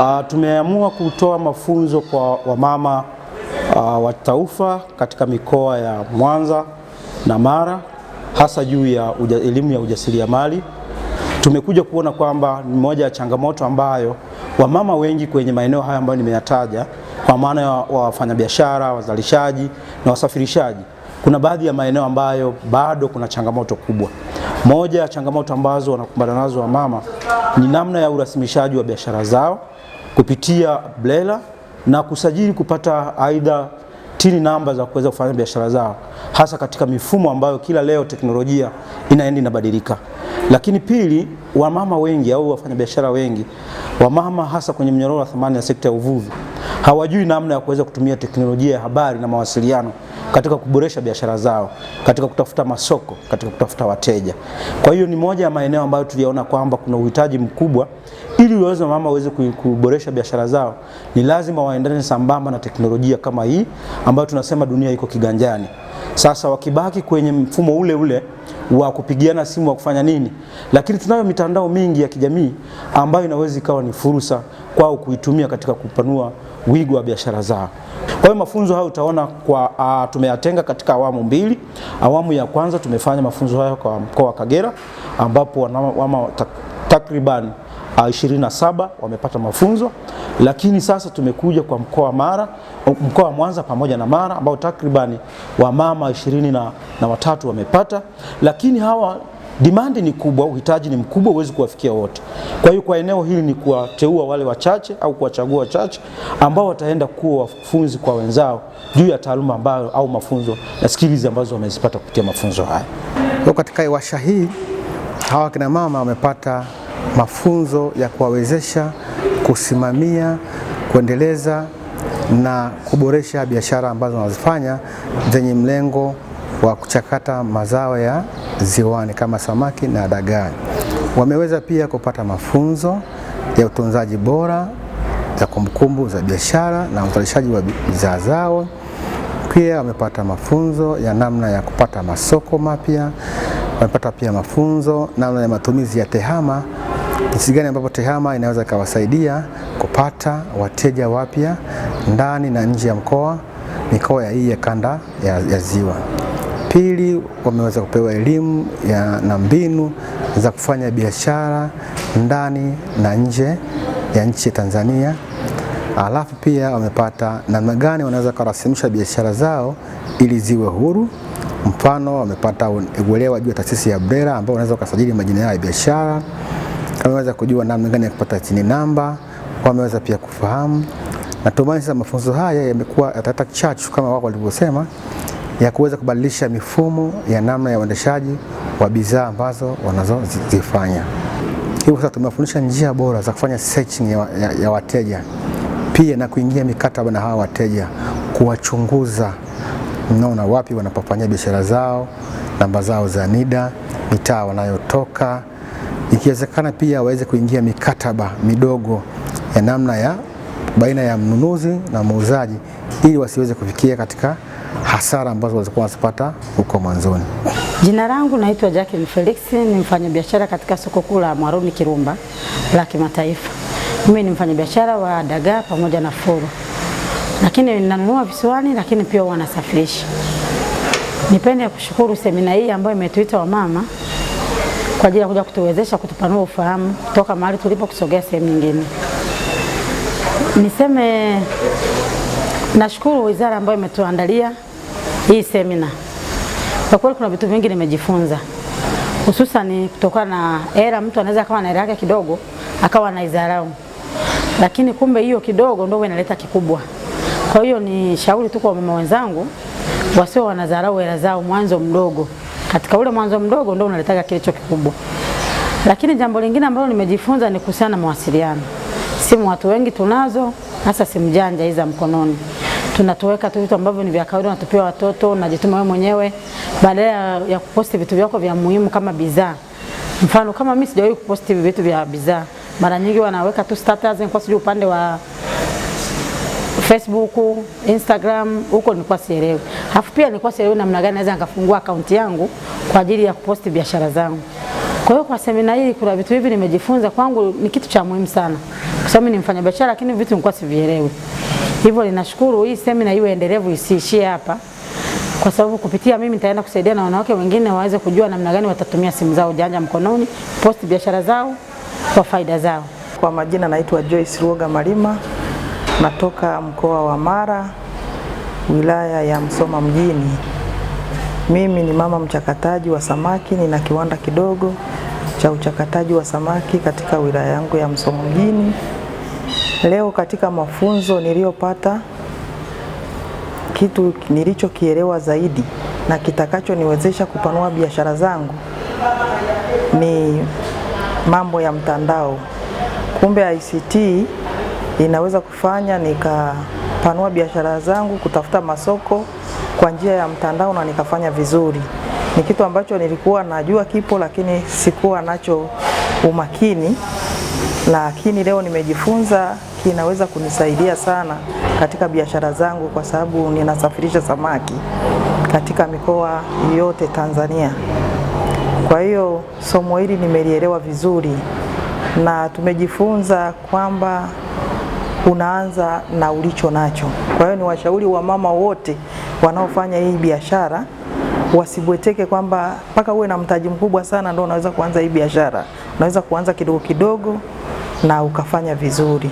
Uh, tumeamua kutoa mafunzo kwa wamama uh, wa taifa katika mikoa ya Mwanza na Mara hasa juu ya uja, elimu ya ujasiriamali. Tumekuja kuona kwamba ni moja ya changamoto ambayo wamama wengi kwenye maeneo haya ambayo nimeyataja, kwa maana ya wafanyabiashara, wazalishaji na wasafirishaji, kuna baadhi ya maeneo ambayo bado kuna changamoto kubwa. Moja ya changamoto ambazo wanakumbana nazo wamama ni namna ya urasimishaji wa biashara zao kupitia BRELA na kusajili kupata aidha tini namba za kuweza kufanya biashara zao, hasa katika mifumo ambayo kila leo teknolojia inaenda inabadilika. Lakini pili, wamama wengi au wafanyabiashara wengi, wamama hasa kwenye mnyororo wa thamani ya sekta ya uvuvi, hawajui namna ya kuweza kutumia teknolojia ya habari na mawasiliano katika kuboresha biashara zao, katika kutafuta masoko, katika kutafuta wateja. Kwa hiyo ni moja ya maeneo ambayo tuliona kwamba kuna uhitaji mkubwa, ili uwezo mama waweze kuboresha biashara zao, ni lazima waendane sambamba na teknolojia kama hii ambayo tunasema dunia iko kiganjani. Sasa wakibaki kwenye mfumo ule ule wa kupigiana simu wa kufanya nini, lakini tunayo mitandao mingi ya kijamii ambayo inaweza ikawa ni fursa kwao kuitumia katika kupanua wigo wa biashara zao. Kwa hiyo mafunzo hayo utaona kwa a, tumeyatenga katika awamu mbili. Awamu ya kwanza tumefanya mafunzo hayo kwa mkoa wa Kagera ambapo wamama takriban 27 wamepata mafunzo lakini sasa tumekuja kwa mkoa wa Mara, mkoa wa Mwanza pamoja na Mara ambao takribani wamama ishirini na, na watatu wamepata, lakini hawa dimandi ni kubwa, uhitaji ni mkubwa, huwezi kuwafikia wote. Kwa hiyo kwa eneo hili ni kuwateua wale wachache au kuwachagua wachache ambao wataenda kuwa wafunzi kwa wenzao juu ya taaluma ambayo au mafunzo na skills ambazo wamezipata kupitia mafunzo haya. Kwa katika iwasha hii hawa kina mama wamepata mafunzo ya kuwawezesha kusimamia, kuendeleza na kuboresha biashara ambazo wanazifanya zenye mlengo wa kuchakata mazao ya ziwani kama samaki na dagaa. Wameweza pia kupata mafunzo ya utunzaji bora za kumbukumbu za biashara na uzalishaji wa bidhaa zao. Pia wamepata mafunzo ya namna ya kupata masoko mapya. Wamepata pia mafunzo namna ya matumizi ya tehama jinsi gani ambapo TEHAMA inaweza ikawasaidia kupata wateja wapya ndani na nje ya mkoa mikoa ya hii ya kanda ya, ya Ziwa. Pili, wameweza kupewa elimu na mbinu za kufanya biashara ndani na nje ya nchi ya Tanzania. Alafu pia wamepata namna gani wanaweza kurasimisha biashara zao ili ziwe huru. Mfano, wamepata uelewa juu ya taasisi ya BRELA ambao wanaweza kusajili majina yao ya biashara wameweza kujua namna gani ya kupata chini namba, wameweza pia kufahamu. Natumai sasa mafunzo haya yamekuwa yataleta chachu kama wako walivyosema ya kuweza kubadilisha mifumo ya namna ya uendeshaji wa bidhaa ambazo wanazozifanya. Hivyo sasa tumewafundisha njia bora za kufanya searching ya, ya, ya wateja pia na kuingia mikataba na hawa wateja, kuwachunguza, mnaona wapi wanapofanyia biashara zao, namba zao za NIDA, mitaa wanayotoka Ikiwezekana pia waweze kuingia mikataba midogo ya namna ya baina ya mnunuzi na muuzaji ili wasiweze kufikia katika hasara ambazo walikuwa wanazipata huko mwanzoni. Jina langu naitwa Jackie Felix, ni mfanyabiashara katika soko kuu la Mwaruni Kirumba la kimataifa. Mimi ni mfanyabiashara wa dagaa pamoja na furu, lakini ninanunua visiwani, lakini pia wanasafirisha. Nipende kushukuru semina hii ambayo imetuita wamama kwa ajili ya kuja kutuwezesha kutupanua ufahamu toka mahali tulipo kusogea sehemu nyingine. Niseme nashukuru wizara ambayo imetuandalia hii semina. Kwa kweli kuna vitu vingi nimejifunza, hususan kutokana na era. Mtu anaweza akawa na yake kidogo akawa idharau, lakini kumbe hiyo kidogo ndio inaleta kikubwa. Kwa hiyo ni shauri tu kwa mama wenzangu wasio wanadharau era zao mwanzo mdogo katika ule mwanzo mdogo ndio unaletaga kilicho kikubwa. Lakini jambo lingine ambalo nimejifunza ni kuhusiana na mawasiliano. Simu watu wengi tunazo, hasa simu janja hizi za mkononi tunatoweka tu vitu ambavyo ni vya kawaida, natupia watoto, najituma wewe mwenyewe, badala ya kuposti vitu vyako vya muhimu kama bidhaa. Mfano kama mimi sijawahi kuposti vitu vya bidhaa, mara nyingi wanaweka tu status, kwa sababu upande wa Facebook, Instagram, huko nilikuwa sielewi. Alafu pia nilikuwa sielewi namna gani naweza nikafungua akaunti yangu kwa ajili ya kuposti biashara zangu. Kwa hiyo kwa semina hii kuna vitu hivi nimejifunza, kwangu ni kitu cha muhimu sana, kwa sababu mimi ni mfanyabiashara, lakini vitu nilikuwa sivielewi. Hivyo ninashukuru hii semina iwe endelevu, isiishie hapa, kwa sababu kupitia mimi nitaenda kusaidia na wanawake wengine waweze kujua namna gani watatumia simu zao janja mkononi posti biashara zao kwa faida zao. Kwa majina naitwa Joyce Ruoga Malima. Natoka mkoa wa Mara, wilaya ya Msoma mjini. Mimi ni mama mchakataji wa samaki, nina kiwanda kidogo cha uchakataji wa samaki katika wilaya yangu ya Msoma mjini. Leo katika mafunzo niliyopata, kitu nilichokielewa zaidi na kitakachoniwezesha kupanua biashara zangu ni mambo ya mtandao. Kumbe ICT inaweza kufanya nikapanua biashara zangu, kutafuta masoko kwa njia ya mtandao na nikafanya vizuri. Ni kitu ambacho nilikuwa najua kipo, lakini sikuwa nacho umakini, lakini leo nimejifunza kinaweza kunisaidia sana katika biashara zangu, kwa sababu ninasafirisha samaki katika mikoa yote Tanzania. Kwa hiyo somo hili nimelielewa vizuri na tumejifunza kwamba unaanza na ulicho nacho. Kwa hiyo ni washauri wa mama wote wanaofanya hii biashara wasibweteke kwamba mpaka uwe na mtaji mkubwa sana ndio unaweza kuanza hii biashara. Unaweza kuanza kidogo kidogo na ukafanya vizuri.